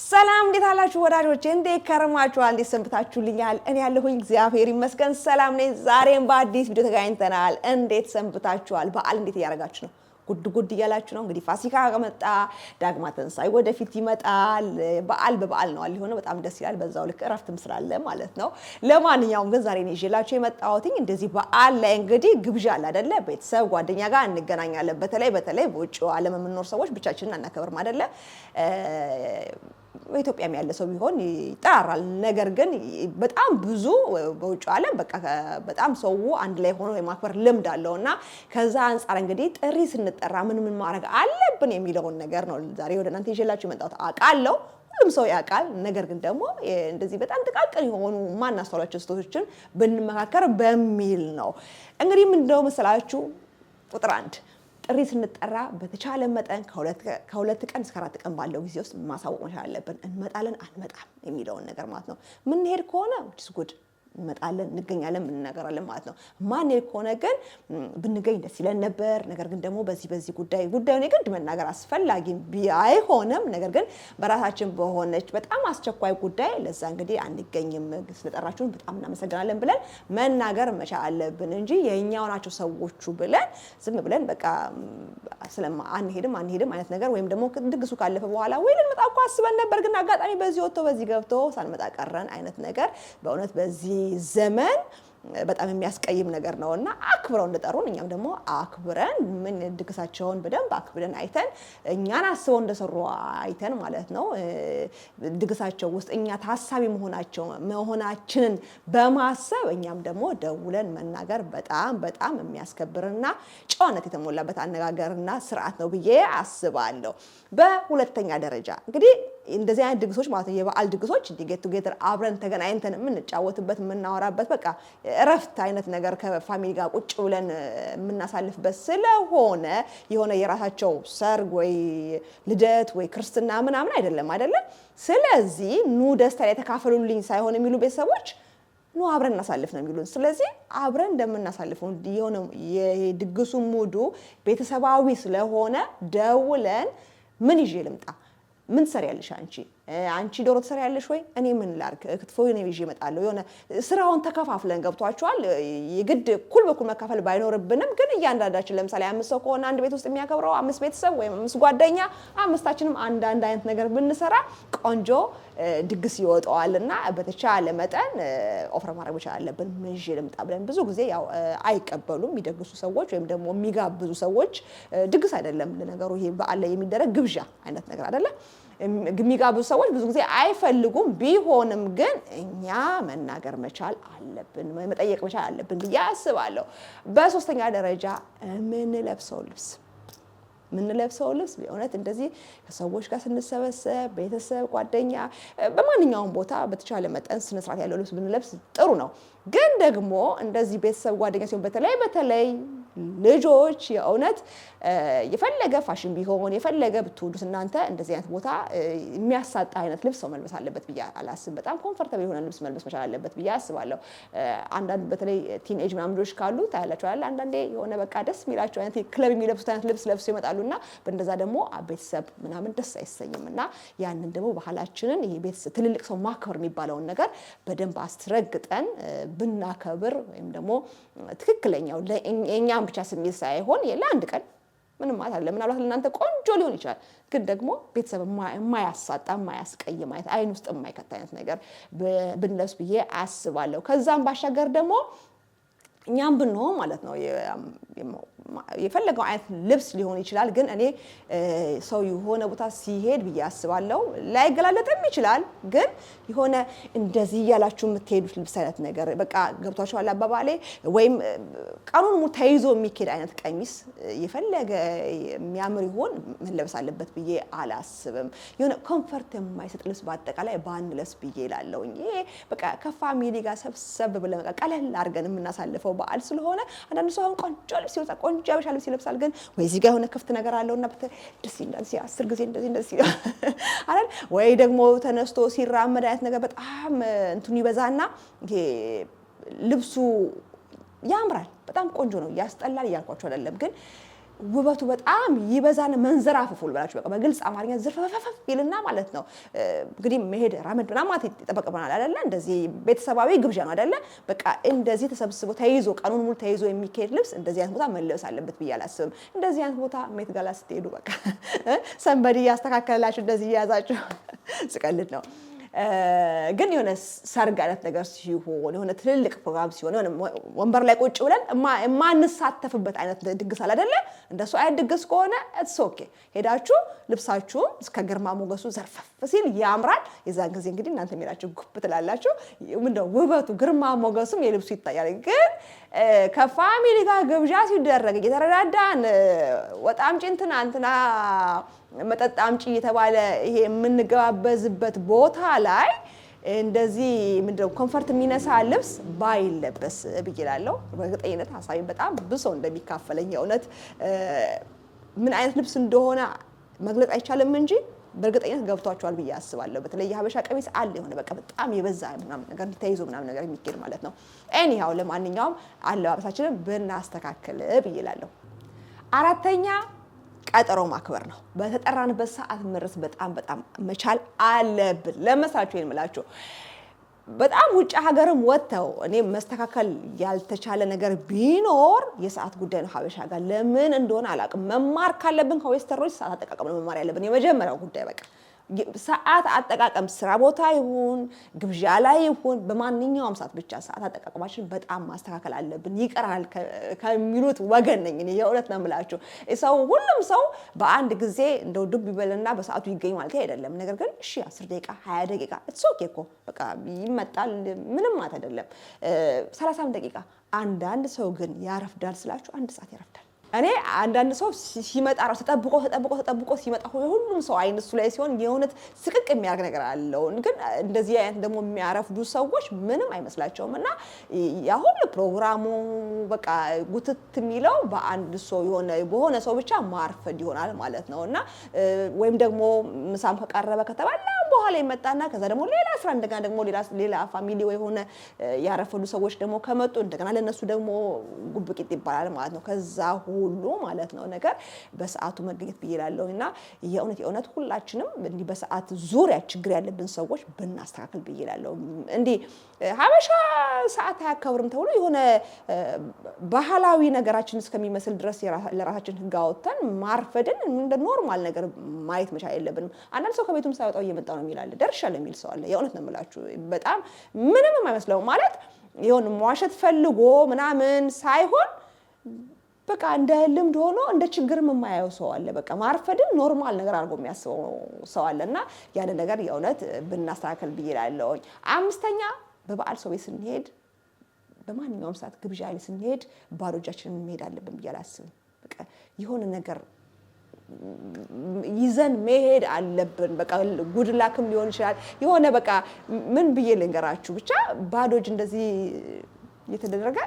ሰላም እንዴት አላችሁ ወዳጆች፣ እንዴት ከረማችኋል? እንዴት ሰንብታችሁልኛል? እኔ ያለሁኝ እግዚአብሔር ይመስገን ሰላም ነኝ። ዛሬም በአዲስ ቪዲዮ ተገናኝተናል። እንዴት ሰንብታችኋል? በዓል እንዴት እያደረጋችሁ ነው? ጉድ ጉድ እያላችሁ ነው። እንግዲህ ፋሲካ መጣ፣ ዳግማ ትንሳኤ ወደፊት ይመጣል። በዓል በበዓል ነው ሊሆነ በጣም ደስ ይላል። በዛው ልክ እረፍትም ስላለ ማለት ነው። ለማንኛውም ግን ዛሬ ነው ይዤላችሁ የመጣሁት እንደዚህ በዓል ላይ እንግዲህ ግብዣ አለ አይደለ? ቤተሰብ ጓደኛ ጋር እንገናኛለን። በተለይ በተለይ በውጭ ዓለም የምንኖር ሰዎች ብቻችንን አናከብርም አይደለ? በኢትዮጵያም ያለ ሰው ቢሆን ይጠራራል። ነገር ግን በጣም ብዙ በውጭ ዓለም በቃ በጣም ሰው አንድ ላይ ሆኖ የማክበር ልምድ አለው እና ከዛ አንጻር እንግዲህ ጥሪ ስንጠራ ምን ምን ማድረግ አለብን የሚለውን ነገር ነው ዛሬ ወደ እናንተ ይዤላችሁ የመጣሁት። አውቃለሁ ሁሉም ሰው ያውቃል። ነገር ግን ደግሞ እንደዚህ በጣም ጥቃቅን የሆኑ ማናስተዋላቸው ስህተቶችን ብንመካከር በሚል ነው እንግዲህ ምንድነው መሰላችሁ ቁጥር አንድ ጥሪ ስንጠራ በተቻለ መጠን ከሁለት ቀን እስከ አራት ቀን ባለው ጊዜ ውስጥ ማሳወቅ መቻል አለብን። እንመጣለን አንመጣም የሚለውን ነገር ማለት ነው። ምንሄድ ከሆነ ጉድ እንመጣለን እንገኛለን እንናገራለን ማለት ነው። ማን ከሆነ ግን ብንገኝ ደስ ይለን ነበር፣ ነገር ግን ደግሞ በዚህ በዚህ ጉዳይ ጉዳዩ ግን መናገር አስፈላጊ አይሆንም። ነገር ግን በራሳችን በሆነች በጣም አስቸኳይ ጉዳይ ለዛ እንግዲህ አንገኝም፣ ስለጠራችሁን በጣም እናመሰግናለን ብለን መናገር መቻል አለብን እንጂ የእኛው ናቸው ሰዎቹ ብለን ዝም ብለን በቃ ስለማ አንሄድም አንሄድም አይነት ነገር ወይም ደግሞ ድግሱ ካለፈ በኋላ ወይ ልንመጣ እኮ አስበን ነበር፣ ግን አጋጣሚ በዚህ ወጥቶ በዚህ ገብቶ ሳንመጣ ቀረን አይነት ነገር በእውነት በዚህ ዘመን በጣም የሚያስቀይም ነገር ነው እና አክብረው እንደጠሩን እኛም ደግሞ አክብረን ምን ድግሳቸውን በደንብ አክብረን አይተን እኛን አስበው እንደሰሩ አይተን ማለት ነው ድግሳቸው ውስጥ እኛ ታሳቢ መሆናቸው መሆናችንን በማሰብ እኛም ደግሞ ደውለን መናገር በጣም በጣም የሚያስከብርና ጨዋነት የተሞላበት አነጋገርና ስርዓት ነው ብዬ አስባለሁ። በሁለተኛ ደረጃ እንግዲህ እንደዚህ አይነት ድግሶች ማለት ነው የበዓል ድግሶች ጌት ቱጌተር አብረን ተገናኝተን የምንጫወትበት የምናወራበት በቃ እረፍት አይነት ነገር ከፋሚሊ ጋር ቁጭ ብለን የምናሳልፍበት ስለሆነ የሆነ የራሳቸው ሰርግ ወይ ልደት ወይ ክርስትና ምናምን አይደለም አይደለም። ስለዚህ ኑ ደስታ ላይ የተካፈሉልኝ ሳይሆን የሚሉ ቤተሰቦች ኑ አብረን እናሳልፍ ነው የሚሉን። ስለዚህ አብረን እንደምናሳልፍ የሆነ የድግሱ ሙዱ ቤተሰባዊ ስለሆነ ደውለን ምን ይዤ ልምጣ ምን ትሰሪያለሽ አንቺ አንቺ ዶሮ ትሰሪያለሽ ወይ? እኔ ምን ላርክ ክትፎ ሆነ ይዤ እመጣለሁ። የሆነ ስራውን ተከፋፍለን ገብቷቸዋል። የግድ እኩል በኩል መካፈል ባይኖርብንም ግን እያንዳንዳችን ለምሳሌ አምስት ሰው ከሆነ አንድ ቤት ውስጥ የሚያከብረው አምስት ቤተሰብ ወይም አምስት ጓደኛ፣ አምስታችንም አንዳንድ አይነት ነገር ብንሰራ ቆንጆ ድግስ ይወጣዋል እና በተቻለ መጠን ኦፈር ማድረግ መቻል አለብን። ምን ይዤ ልምጣ ብለን ብዙ ጊዜ ያው አይቀበሉም የሚደግሱ ሰዎች ወይም ደግሞ የሚጋብዙ ሰዎች። ድግስ አይደለም ለነገሩ ይሄ በዓል ላይ የሚደረግ ግብዣ አይነት ነገር አይደለም የሚጋብዙ ሰዎች ብዙ ጊዜ አይፈልጉም። ቢሆንም ግን እኛ መናገር መቻል አለብን፣ መጠየቅ መቻል አለብን ብዬ አስባለሁ። በሶስተኛ ደረጃ የምንለብሰው ልብስ የምንለብሰው ልብስ በእውነት እንደዚህ ከሰዎች ጋር ስንሰበሰብ ቤተሰብ፣ ጓደኛ፣ በማንኛውም ቦታ በተቻለ መጠን ስነስርዓት ያለው ልብስ ብንለብስ ጥሩ ነው። ግን ደግሞ እንደዚህ ቤተሰብ፣ ጓደኛ ሲሆን በተለይ በተለይ ልጆች የእውነት የፈለገ ፋሽን ቢሆን የፈለገ ብትወዱት እናንተ እንደዚህ አይነት ቦታ የሚያሳጣ አይነት ልብስ ሰው መልበስ አለበት ብዬ አላስብ። በጣም ኮንፈርታብል የሆነ ልብስ መልበስ መቻል አለበት ብዬ አስባለሁ። አንዳንድ በተለይ ቲንኤጅ ምናምን ልጆች ካሉ ታያላቸው ያለ አንዳንዴ የሆነ በቃ ደስ የሚላቸው አይነት ክለብ የሚለብሱት አይነት ልብስ ለብሱ ይመጣሉ እና በእንደዛ ደግሞ ቤተሰብ ምናምን ደስ አይሰኝም እና ያንን ደግሞ ባህላችንን ቤተሰብ ትልልቅ ሰው ማክበር የሚባለውን ነገር በደንብ አስረግጠን ብናከብር ወይም ደግሞ ትክክለኛው ለእኛ የእኛም ብቻ ስሜት ሳይሆን ለአንድ ቀን ምንም ማለት አለ። ምናልባት ለእናንተ ቆንጆ ሊሆን ይችላል፣ ግን ደግሞ ቤተሰብ የማያሳጣ የማያስቀይ ማለት አይን ውስጥ የማይከት አይነት ነገር ብንለብስ ብዬ አስባለሁ። ከዛም ባሻገር ደግሞ እኛም ብንሆን ማለት ነው የፈለገው አይነት ልብስ ሊሆን ይችላል። ግን እኔ ሰው የሆነ ቦታ ሲሄድ ብዬ አስባለሁ። ላይገላለጥም ይችላል። ግን የሆነ እንደዚህ እያላችሁ የምትሄዱት ልብስ አይነት ነገር በቃ ገብቷችኋል አባባሌ። ወይም ቀኑን ሙሉ ተይዞ የሚኬድ አይነት ቀሚስ የፈለገ የሚያምር ይሆን መለበስ አለበት ብዬ አላስብም። የሆነ ኮንፈርት የማይሰጥ ልብስ በአጠቃላይ ባንለብስ ብዬ እላለሁኝ። ይሄ በቃ ከፋሚሊ ጋር ሰብሰብ ብለን ቀለል አድርገን የምናሳልፈው በዓል ስለሆነ አንዳንድ ሰው አሁን ቆንጆ ልብስ ቆንጆ ያበሻ ልብስ ይለብሳል። ግን ወይ እዚህ ጋር የሆነ ክፍት ነገር አለው ደስ ይላል። እንደዚህ አስር ጊዜ እንደዚህ እንደዚህ አይደል? ወይ ደግሞ ተነስቶ ሲራመድ አይነት ነገር በጣም እንትኑ ይበዛና ይሄ ልብሱ ያምራል፣ በጣም ቆንጆ ነው። ያስጠላል እያልኳቸው አይደለም ግን ውበቱ በጣም ይበዛን መንዘራፍፉል ብላችሁ በቃ በግልጽ አማርኛ ዝርፈፈፈፍ ይልና ማለት ነው። እንግዲህ መሄድ ራመድ ምናምን ማለት ይጠበቅብናል አይደለ? እንደዚህ ቤተሰባዊ ግብዣ ነው አይደለ? በቃ እንደዚህ ተሰብስቦ ተይዞ ቀኑን ሙሉ ተይዞ የሚካሄድ ልብስ እንደዚህ አይነት ቦታ መለበስ አለበት ብዬ አላስብም። እንደዚህ አይነት ቦታ ሜት ጋላ ስትሄዱ በቃ ሰንበዲ እያስተካከለላችሁ እንደዚህ እየያዛችሁ ስቀልድ ነው። ግን የሆነ ሰርግ አይነት ነገር ሲሆን የሆነ ትልልቅ ፕሮግራም ሲሆን የሆነ ወንበር ላይ ቁጭ ብለን የማንሳተፍበት አይነት ድግስ አላደለ እንደሱ አይነት ድግስ ከሆነ እስ ኦኬ። ሄዳችሁ ልብሳችሁም እስከ ግርማ ሞገሱ ዘርፈፍ ሲል ያምራል። የዛን ጊዜ እንግዲህ እናንተ የሚላችሁ ጉብ ትላላችሁ። ምንደ ውበቱ ግርማ ሞገሱም የልብሱ ይታያል። ግን ከፋሚሊ ጋር ግብዣ ሲደረግ እየተረዳዳን ወጣ አምጪ እንትና እንትና መጠጥ አምጪ እየተባለ ይሄ የምንገባበዝበት ቦታ ላይ እንደዚህ ምንድነው ኮንፈርት የሚነሳ ልብስ ባይለበስ ብዬ እላለሁ። በእርግጠኝነት ሀሳቤን በጣም ብሶ እንደሚካፈለኝ የእውነት ምን አይነት ልብስ እንደሆነ መግለጽ አይቻልም እንጂ በእርግጠኝነት ገብቷቸዋል ብዬ አስባለሁ። በተለይ የሀበሻ ቀሚስ አለ የሆነ በቃ በጣም የበዛ ምናምን ነገር ተይዞ ምናምን ነገር የሚገድ ማለት ነው። ኤኒሃው ለማንኛውም አለባበሳችንን ብናስተካክል ብይላለሁ። አራተኛ ቀጠሮ ማክበር ነው። በተጠራንበት ሰዓት መድረስ በጣም በጣም መቻል አለብን። ለመሳችሁ የምላችሁ በጣም ውጭ ሀገርም ወጥተው እኔ መስተካከል ያልተቻለ ነገር ቢኖር የሰዓት ጉዳይ ነው። ሀበሻ ጋር ለምን እንደሆነ አላውቅም። መማር ካለብን ከዌስተሮች ሰዓት አጠቃቀም ነው መማር ያለብን የመጀመሪያው ጉዳይ በቃ ሰዓት አጠቃቀም ስራ ቦታ ይሁን ግብዣ ላይ ይሁን በማንኛውም ሰዓት ብቻ ሰዓት አጠቃቀማችን በጣም ማስተካከል አለብን። ይቀራል ከሚሉት ወገን ነኝ የእውነት ነው የምላችሁ። ሰው ሁሉም ሰው በአንድ ጊዜ እንደው ድብ ይበልና በሰዓቱ ይገኝ ማለት አይደለም። ነገር ግን እሺ አስር ደቂቃ ሀያ ደቂቃ እሱ ኦኬ እኮ በቃ ይመጣል። ምንም ማለት አይደለም። ሰላሳም ደቂቃ አንዳንድ ሰው ግን ያረፍዳል ስላችሁ አንድ ሰዓት ያረፍዳል። እኔ አንዳንድ ሰው ሲመጣ ራሱ ተጠብቆ ተጠብቆ ተጠብቆ ሲመጣ ሁሉም ሰው አይን እሱ ላይ ሲሆን የእውነት ስቅቅ የሚያደርግ ነገር አለው። ግን እንደዚህ አይነት ደግሞ የሚያረፍዱ ሰዎች ምንም አይመስላቸውም። እና ያሁሉ ፕሮግራሙ በቃ ጉትት የሚለው በአንድ ሰው የሆነ በሆነ ሰው ብቻ ማርፈድ ይሆናል ማለት ነው እና ወይም ደግሞ ምሳም ከቀረበ ከተባለ በኋላ ይመጣና ከዛ ደግሞ ሌላ ስራ እንደገና ደግሞ ሌላ ፋሚሊ ወይ የሆነ ያረፈዱ ሰዎች ደግሞ ከመጡ እንደገና ለእነሱ ደግሞ ጉብቂጥ ይባላል ማለት ነው። ከዛ ሁሉ ማለት ነው ነገር በሰዓቱ መገኘት ብዬ እና የእውነት የእውነት ሁላችንም እንዲህ በሰዓት ዙሪያ ችግር ያለብን ሰዎች ብናስተካክል ብይላለው። እንዲህ ሀበሻ ሰዓት አያከብርም ተብሎ የሆነ ባህላዊ ነገራችን እስከሚመስል ድረስ ለራሳችን ህግ አወጥተን ማርፈድን እንደ ኖርማል ነገር ማየት መቻል የለብንም። አንዳንድ ሰው ከቤቱም ሳይወጣው እየመጣ ነው የሚል አለ፣ ደርሻለሁ የሚል ሰው አለ። የእውነት ነው የምላችሁ፣ በጣም ምንም የማይመስለው ማለት ይሁን መዋሸት ፈልጎ ምናምን ሳይሆን በቃ እንደ ልምድ ሆኖ እንደ ችግርም የማያየው ሰው አለ። በቃ ማርፈድን ኖርማል ነገር አድርጎ የሚያስበው ሰው አለ እና ያንን ነገር የእውነት ብናስተካከል ብዬ እላለሁኝ። አምስተኛ በበዓል ሰው ቤት ስንሄድ፣ በማንኛውም ሰዓት ግብዣ ላይ ስንሄድ ባዶ እጃችንን መሄድ አለብን ብዬ አላስብም። በቃ የሆነ ነገር ይዘን መሄድ አለብን። በቃ ጉድላክም ሊሆን ይችላል። የሆነ በቃ ምን ብዬ ልንገራችሁ፣ ብቻ ባዶጅ እንደዚህ የተደረገ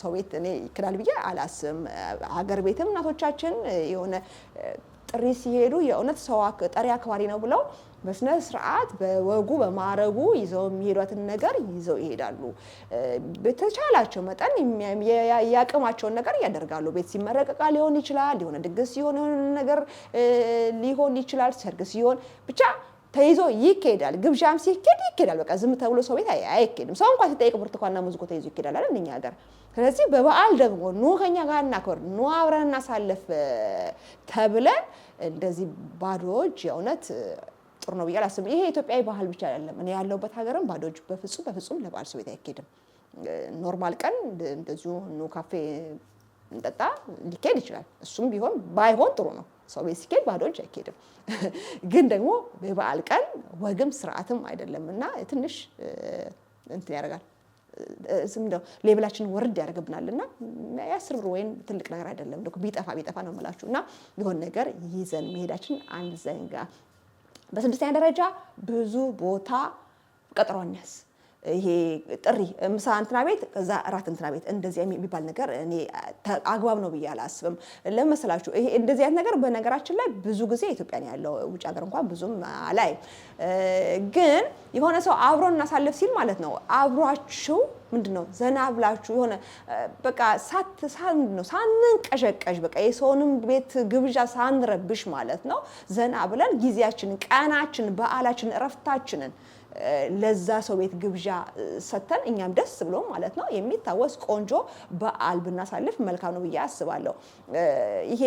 ሰው ቤት እኔ ይክዳል ብዬ አላስብም። ሀገር ቤትም እናቶቻችን የሆነ ጥሪ ሲሄዱ የእውነት ሰው ጠሪ አክባሪ ነው ብለው በስነ ስርዓት በወጉ በማረጉ ይዘው የሚሄዷትን ነገር ይዘው ይሄዳሉ። በተቻላቸው መጠን ያቅማቸውን ነገር ያደርጋሉ። ቤት ሲመረቅ ዕቃ ሊሆን ይችላል፣ የሆነ ድግስ ሲሆን የሆነ ነገር ሊሆን ይችላል፣ ሰርግ ሲሆን ብቻ ተይዞ ይኬዳል። ግብዣም ሲኬድ ይኬዳል። በቃ ዝም ተብሎ ሰው ቤት አይኬድም። ሰው እንኳን ሲጠይቅ ብርቱካንና ሙዝ እኮ ተይዞ ይኬዳል አይደል እኛ ሀገር ስለዚህ በበዓል ደግሞ ኑ ከኛ ጋር እናክብር፣ ኑ አብረን እናሳለፍ ተብለን እንደዚህ ባዶ እጅ የእውነት ጥሩ ነው ብዬ አላስብም። ይሄ የኢትዮጵያዊ ባህል ብቻ አይደለም። እኔ ያለሁበት ሀገርም ባዶ እጅ በፍጹም በፍጹም ለበዓል ሰው ቤት አይኬድም። ኖርማል ቀን እንደዚሁ ኑ ካፌ እንጠጣ ሊኬድ ይችላል። እሱም ቢሆን ባይሆን ጥሩ ነው። ሰው ቤት ሲኬድ ባዶ እጅ አይኬድም። ግን ደግሞ የበዓል ቀን ወግም ስርዓትም አይደለም እና ትንሽ እንትን ያደርጋል። ዝም ሌብላችን ወርድ ያደርግብናል እና የአስር ብር ወይም ትልቅ ነገር አይደለም። ቢጠፋ ቢጠፋ ነው የምላችሁ እና የሆን ነገር ይዘን መሄዳችን አንዘንጋ። በስድስተኛ ደረጃ ብዙ ቦታ ቀጠሮ እንያዝ። ይሄ ጥሪ ምሳ እንትና ቤት ከዛ እራት እንትና ቤት እንደዚህ የሚባል ነገር እኔ አግባብ ነው ብዬ አላስብም። ለምን ይሄ እንደዚህ አይነት ነገር በነገራችን ላይ ብዙ ጊዜ ኢትዮጵያ ነው ያለው፣ ውጭ ሀገር እንኳን ብዙም አላይ ግን የሆነ ሰው አብሮን እናሳልፍ ሲል ማለት ነው አብሯችሁ ምንድን ነው ዘና ብላችሁ የሆነ በቃ ሳት ምንድን ነው ሳንንቀዠቀዥ በቃ የሰውንም ቤት ግብዣ ሳንረብሽ ማለት ነው ዘና ብለን ጊዜያችንን፣ ቀናችንን፣ በዓላችን እረፍታችንን ለዛ ሰው ቤት ግብዣ ሰጥተን እኛም ደስ ብሎ ማለት ነው የሚታወስ ቆንጆ በዓል ብናሳልፍ መልካም ነው ብዬ አስባለሁ። ይሄ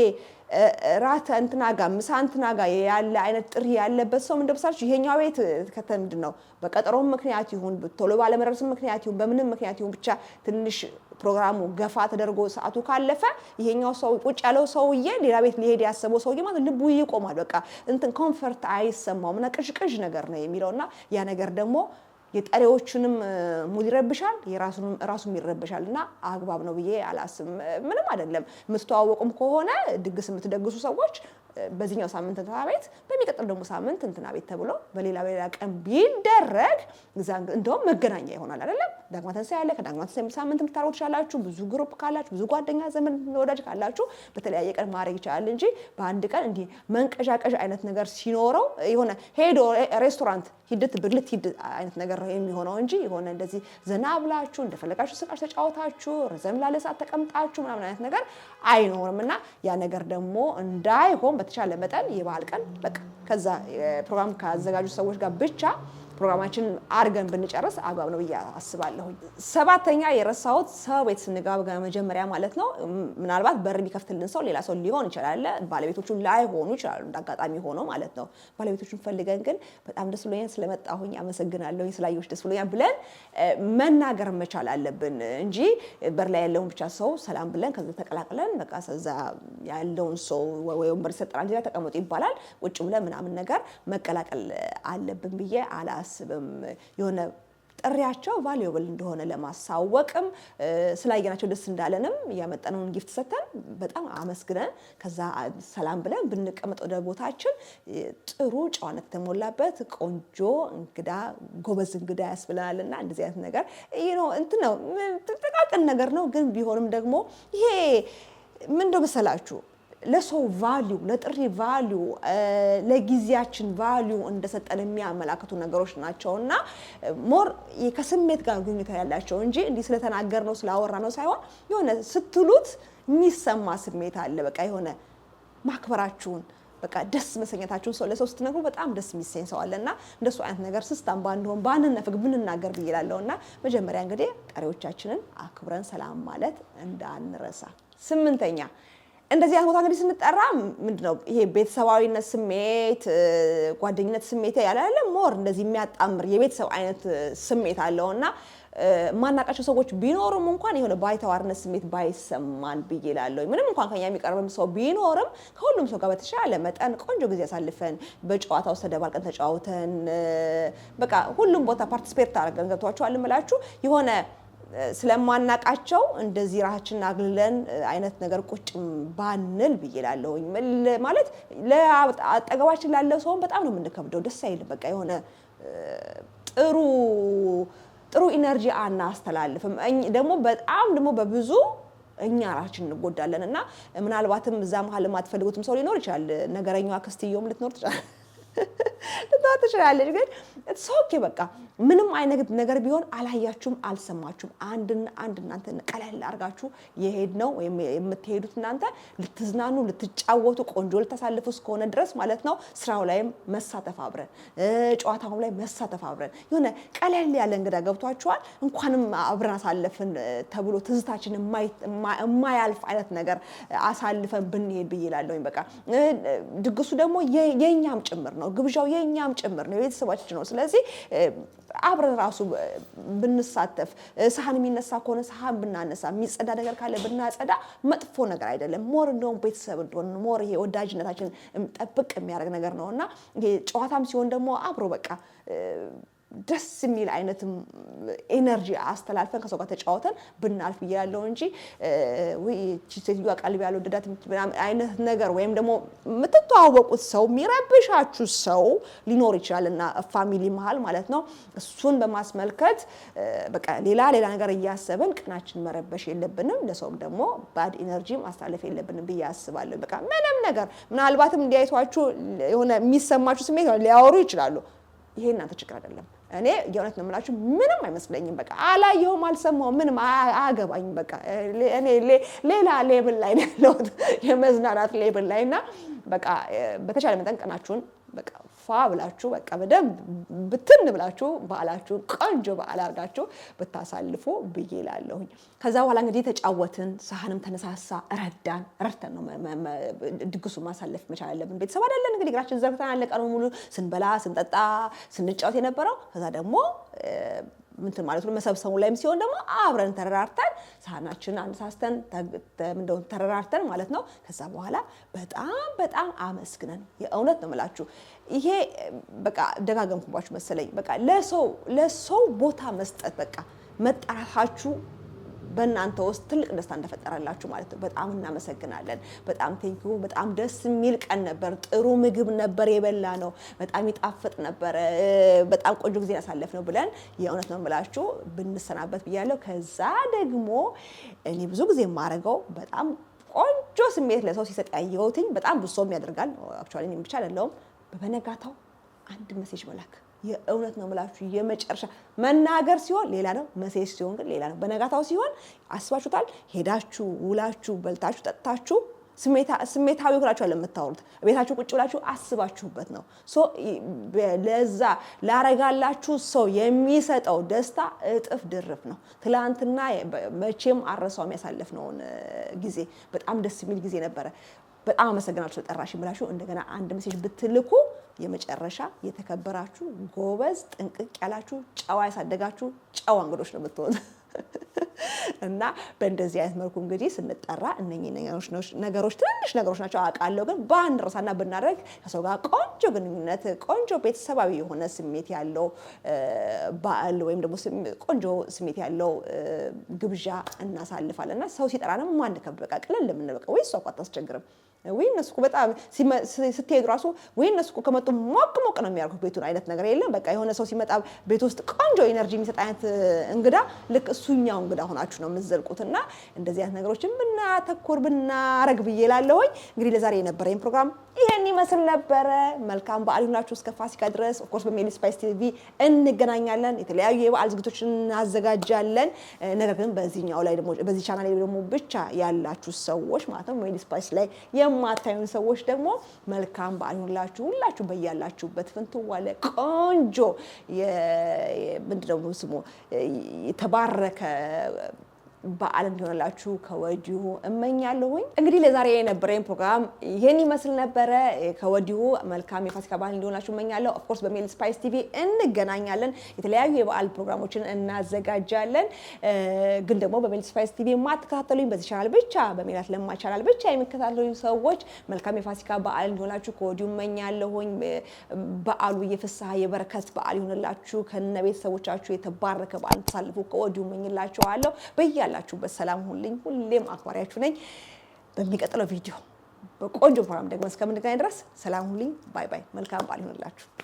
ራት እንትና ጋር ምሳ እንትና ጋር ያለ አይነት ጥሪ ያለበት ሰው ምንደብሳች ይሄኛው ቤት ከተምድ ነው። በቀጠሮም ምክንያት ይሁን ቶሎ ባለመድረስም ምክንያት ይሁን በምንም ምክንያት ይሁን ብቻ ትንሽ ፕሮግራሙ ገፋ ተደርጎ ሰዓቱ ካለፈ ይሄኛው ሰው ቁጭ ያለው ሰውዬ ሌላ ቤት ሊሄድ ያሰበው ሰውዬ ማለት ልቡ ይቆማል። በቃ እንትን ኮንፈርት አይሰማውም እና ቅዥቅዥ ነገር ነው የሚለውና ያ ነገር ደግሞ የጠሬዎቹንም ሙድ ይረብሻል፣ ራሱም ይረብሻል። እና አግባብ ነው ብዬ አላስብም። ምንም አይደለም። የምትተዋወቁም ከሆነ ድግስ የምትደግሱ ሰዎች በዚህኛው ሳምንት እንትና ቤት፣ በሚቀጥል ደግሞ ሳምንት እንትና ቤት ተብሎ በሌላ በሌላ ቀን ቢደረግ እንደውም መገናኛ ይሆናል። አይደለም ዳግማ ትንሣኤ ያለ ከዳግማ ትንሣኤ ሳምንት የምታደርጉ ትችላላችሁ። ብዙ ግሩፕ ካላችሁ፣ ብዙ ጓደኛ ዘመን ወዳጅ ካላችሁ በተለያየ ቀን ማድረግ ይችላል እንጂ በአንድ ቀን እንዲህ መንቀዣቀዣ አይነት ነገር ሲኖረው የሆነ ሄዶ ሬስቶራንት ሂደት ብልት ሂድ አይነት ነገር ነው የሚሆነው እንጂ የሆነ እንደዚህ ዘና ብላችሁ እንደፈለጋችሁ ስቃችሁ ተጫወታችሁ ረዘም ላለ ሰዓት ተቀምጣችሁ ምናምን አይነት ነገር አይኖርም እና ያ ነገር ደግሞ እንዳይሆን በተቻለ መጠን የበዓል ቀን በቃ ከዛ ፕሮግራም ካዘጋጁ ሰዎች ጋር ብቻ ፕሮግራማችን አድርገን ብንጨርስ አግባብ ነው ብዬ አስባለሁኝ። ሰባተኛ የረሳሁት ሰው ቤት ስንጋብጋ መጀመሪያ ማለት ነው ምናልባት በር ቢከፍትልን ሰው ሌላ ሰው ሊሆን ይችላል። ባለቤቶቹ ላይሆኑ ይችላሉ፣ እንዳጋጣሚ ሆኖ ማለት ነው። ባለቤቶቹን ፈልገን ግን በጣም ደስ ብሎኛል ስለመጣሁኝ አመሰግናለሁ ስላየሁሽ ደስ ብሎኛል ብለን መናገር መቻል አለብን እንጂ በር ላይ ያለውን ብቻ ሰው ሰላም ብለን ከዚ ተቀላቅለን በቃ ከዛ ያለውን ሰው ወንበር ይሰጠናል ተቀመጡ ይባላል ቁጭ ብለን ምናምን ነገር መቀላቀል አለብን ብዬ አላ አላስብም። የሆነ ጥሪያቸው ቫልዩብል እንደሆነ ለማሳወቅም ስላየናቸው ደስ እንዳለንም ያመጣነውን ጊፍት ሰጥተን በጣም አመስግነን ከዛ ሰላም ብለን ብንቀመጥ ወደ ቦታችን ጥሩ ጨዋነት የተሞላበት ቆንጆ እንግዳ ጎበዝ እንግዳ ያስብለናል። እና እንደዚህ አይነት ነገር ነው እንትን ነው ጥቃቅን ነገር ነው፣ ግን ቢሆንም ደግሞ ይሄ ምን መሰላችሁ ለሰው ቫሊዩ ለጥሪ ቫሊዩ ለጊዜያችን ቫሊዩ እንደሰጠን የሚያመላክቱ ነገሮች ናቸው እና ሞር ከስሜት ጋር ግንኙነት ያላቸው እንጂ እንዲህ ስለተናገር ነው ስላወራ ነው ሳይሆን የሆነ ስትሉት የሚሰማ ስሜት አለ። በቃ የሆነ ማክበራችሁን በቃ ደስ መሰኘታችሁን ሰው ለሰው ስትነግሩ በጣም ደስ የሚሰኝ ሰው አለ እና እንደሱ አይነት ነገር ስስታም ባንሆን ባንነፍግ ብንናገር ብዬ እላለሁ እና መጀመሪያ እንግዲህ ጠሪዎቻችንን አክብረን ሰላም ማለት እንዳንረሳ። ስምንተኛ እንደዚህ አይነት ቦታ እንግዲህ ስንጠራ ምንድነው ይሄ ቤተሰባዊነት ስሜት፣ ጓደኝነት ስሜት ያላለ ሞር እንደዚህ የሚያጣምር የቤተሰብ አይነት ስሜት አለው እና ማናቃቸው ሰዎች ቢኖርም እንኳን የሆነ ባይተዋርነት ስሜት ባይሰማን ብዬ ላለው ምንም እንኳን ከኛ የሚቀርብም ሰው ቢኖርም ከሁሉም ሰው ጋር በተሻለ መጠን ቆንጆ ጊዜ አሳልፈን በጨዋታ ውስጥ ተደባልቀን ተጫውተን በቃ ሁሉም ቦታ ፓርቲስፔርት ታደርገን ገብቷችኋል ምላችሁ የሆነ ስለማናቃቸው እንደዚህ ራችን አግልለን አይነት ነገር ቁጭ ባንል ብይላለሁኝ። ማለት ለአጠገባችን ላለው ሰውን በጣም ነው የምንከብደው። ደስ አይልም። በቃ የሆነ ጥሩ ጥሩ ኢነርጂ አናስተላልፍም። ደግሞ በጣም ደግሞ በብዙ እኛ ራችን እንጎዳለን እና ምናልባትም እዛ መሀል የማትፈልጉትም ሰው ሊኖር ይችላል። ነገረኛዋ ክስትዮም ልትኖር ትችላል። ልትሆን ትችላለች። ግን ሰውኬ በቃ ምንም አይነት ነገር ቢሆን አላያችሁም፣ አልሰማችሁም። አንድና አንድ እናንተ ቀለል አርጋችሁ የሄድ ነው ወይም የምትሄዱት እናንተ ልትዝናኑ፣ ልትጫወቱ፣ ቆንጆ ልታሳልፉ እስከሆነ ድረስ ማለት ነው። ስራው ላይም መሳተፍ አብረን፣ ጨዋታውም ላይ መሳተፍ አብረን የሆነ ቀለል ያለ እንግዳ ገብቷችኋል፣ እንኳንም አብረን አሳለፍን ተብሎ ትዝታችን የማያልፍ አይነት ነገር አሳልፈን ብንሄድ ብዬ እላለሁኝ። በቃ ድግሱ ደግሞ የእኛም ጭምር ነው ግብዣው የእኛም ጭምር ነው፣ የቤተሰባችን ነው። ስለዚህ አብረን ራሱ ብንሳተፍ ሳህን የሚነሳ ከሆነ ሳህን ብናነሳ፣ የሚጸዳ ነገር ካለ ብናጸዳ መጥፎ ነገር አይደለም። ሞር እንደውም ቤተሰብ እንደሆን ሞር ይሄ ወዳጅነታችን ጠብቅ የሚያደርግ ነገር ነው እና ጨዋታም ሲሆን ደግሞ አብሮ በቃ ደስ የሚል አይነት ኤነርጂ አስተላልፈን ከሰው ጋር ተጫወተን ብናልፍ እያለው እንጂ ሴትዮዋ ቀልብ ወደዳት አይነት ነገር ወይም ደግሞ የምትተዋወቁት ሰው የሚረብሻችሁ ሰው ሊኖር ይችላል እና ፋሚሊ መሀል ማለት ነው። እሱን በማስመልከት በቃ ሌላ ሌላ ነገር እያሰብን ቀናችን መረበሽ የለብንም። ለሰውም ደግሞ ባድ ኤነርጂ ማስተላለፍ የለብንም ብዬ አስባለሁ። በቃ ምንም ነገር ምናልባትም እንዲያይቷችሁ የሆነ የሚሰማችሁ ስሜት ሊያወሩ ይችላሉ። ይሄ እናንተ ችግር አይደለም። እኔ የእውነት ነው የምላችሁ፣ ምንም አይመስለኝም። በቃ አላየሁም፣ አልሰማሁም፣ ምንም አያገባኝም። በቃ እኔ ሌላ ሌብል ላይ ነው ያለሁት፣ የመዝናናት ሌብል ላይ እና በቃ በተቻለ መጠን ቀናችሁን ፋ ብላችሁ በቃ በደንብ ብትን ብላችሁ በዓላችሁ ቆንጆ በዓል አድርጋችሁ ብታሳልፉ ብዬ እላለሁኝ። ከዛ በኋላ እንግዲህ የተጫወትን ሳህንም ተነሳሳ ረዳን ረድተን ነው ድግሱ ማሳለፍ መቻል ያለብን። ቤተሰብ አይደለን እንግዲህ እግራችን ዘርግተን አለ ሙሉ ስንበላ ስንጠጣ ስንጫወት የነበረው ከዛ ደግሞ ምንትን ማለት ነው። መሰብሰቡ ላይም ሲሆን ደግሞ አብረን ተረራርተን ሳህናችንን አነሳስተን እንደው ተረራርተን ማለት ነው። ከዛ በኋላ በጣም በጣም አመስግነን የእውነት ነው የምላችሁ ይሄ በቃ ደጋገምኩባችሁ መሰለኝ። በቃ ለሰው ለሰው ቦታ መስጠት በቃ መጠራታችሁ በእናንተ ውስጥ ትልቅ ደስታ እንደፈጠረላችሁ ማለት ነው። በጣም እናመሰግናለን። በጣም ቴንኪዩ። በጣም ደስ የሚል ቀን ነበር። ጥሩ ምግብ ነበር የበላ ነው። በጣም ይጣፍጥ ነበረ። በጣም ቆንጆ ጊዜ ያሳለፍ ነው ብለን የእውነት ነው የምላችሁ ብንሰናበት ብያለሁ። ከዛ ደግሞ እኔ ብዙ ጊዜ የማደርገው በጣም ቆንጆ ስሜት ለሰው ሲሰጥ ያየሁትኝ በጣም ብዙ ያደርጋል። አክቹዋሊ እኔም ብቻ አይደለሁም። በነጋታው አንድ መሴጅ መላክ የእውነት ነው የምላችሁ የመጨረሻ መናገር ሲሆን ሌላ ነው፣ መሴጅ ሲሆን ግን ሌላ ነው። በነጋታው ሲሆን አስባችሁታል። ሄዳችሁ ውላችሁ በልታችሁ ጠጥታችሁ ስሜታዊ ሆናችሁ የምታወሩት ቤታችሁ ቁጭ ብላችሁ አስባችሁበት ነው። ለዛ ላረጋላችሁ ሰው የሚሰጠው ደስታ እጥፍ ድርፍ ነው። ትላንትና መቼም አረሳው ነውን ጊዜ በጣም ደስ የሚል ጊዜ ነበረ። በጣም አመሰግናለሁ ስለጠራሽ ብላችሁ እንደገና አንድ ሜሴጅ ብትልኩ የመጨረሻ የተከበራችሁ ጎበዝ፣ ጥንቅቅ ያላችሁ ጨዋ ያሳደጋችሁ ጨዋ እንግዶች ነው የምትሆኑ እና በእንደዚህ አይነት መልኩ እንግዲህ ስንጠራ እነኚህ ነገሮች ትንንሽ ነገሮች ናቸው አውቃለሁ፣ ግን ረሳና ብናደርግ ከሰው ጋር ቆንጆ ግንኙነት፣ ቆንጆ ቤተሰባዊ የሆነ ስሜት ያለው በዓል ወይም ደግሞ ቆንጆ ስሜት ያለው ግብዣ እናሳልፋለን እና ሰው ሲጠራንም ማንከብ ከበቃ ቅልል ለምንበቀ ወይ እሷ እኮ አታስቸግርም ወይ እነሱ በጣም ስትሄዱ ራሱ ወይ እነሱ ከመጡ ሞቅ ሞቅ ነው የሚያደርጉት ቤቱን አይነት ነገር የለም። በቃ የሆነ ሰው ሲመጣ ቤት ውስጥ ቆንጆ ኢነርጂ የሚሰጥ አይነት እንግዳ ልክ እሱኛው እንግዳ ሆናችሁ ነው የምትዘልቁት። እና እንደዚህ አይነት ነገሮችን ብናተኮር ብናረግ ብዬ ላለሁኝ እንግዲህ ለዛሬ የነበረኝ ፕሮግራም ይሄን ይመስል ነበረ። መልካም በዓል ይሁንላችሁ እስከ ፋሲካ ድረስ። ኦፍኮርስ በሜሊ ስፓይስ ቲቪ እንገናኛለን። የተለያዩ የበዓል ዝግቶች እናዘጋጃለን። ነገር ግን በዚህኛው ላይ ደግሞ በዚህ ቻናል ደግሞ ብቻ ያላችሁ ሰዎች ማለት ነው ሜሊ ስፓይስ ላይ የማታዩን ሰዎች ደግሞ መልካም በዓል ይሁንላችሁ። ሁላችሁ በያላችሁበት ዋለ ቆንጆ ምንድነው ስሙ የተባረከ በዓል እንዲሆንላችሁ ከወዲሁ እመኛለሁኝ። እንግዲህ ለዛሬ የነበረኝ ፕሮግራም ይህን ይመስል ነበረ። ከወዲሁ መልካም የፋሲካ በዓል እንዲሆንላችሁ እመኛለሁ። ኦፍኮርስ በሜል ስፓይስ ቲቪ እንገናኛለን። የተለያዩ የበዓል ፕሮግራሞችን እናዘጋጃለን። ግን ደግሞ በሜል ስፓይስ ቲቪ የማትከታተሉኝ በዚህ ቻናል ብቻ በሜላት ለማ ቻናል ብቻ የሚከታተሉኝ ሰዎች መልካም የፋሲካ በዓል እንዲሆንላችሁ ከወዲሁ እመኛለሁኝ። በዓሉ የፍስሐ የበረከት በዓል ይሆንላችሁ። ከነ ቤተሰቦቻችሁ የተባረከ በዓል ተሳልፉ ከወዲሁ እመኝላችኋለሁ በያለ በያላችሁበት ሰላም ሁልኝ። ሁሌም አክባሪያችሁ ነኝ። በሚቀጥለው ቪዲዮ በቆንጆ ፕሮግራም ደግሞ እስከምንገናኝ ድረስ ሰላም ሁልኝ። ባይ ባይ። መልካም በዓል ይሆንላችሁ።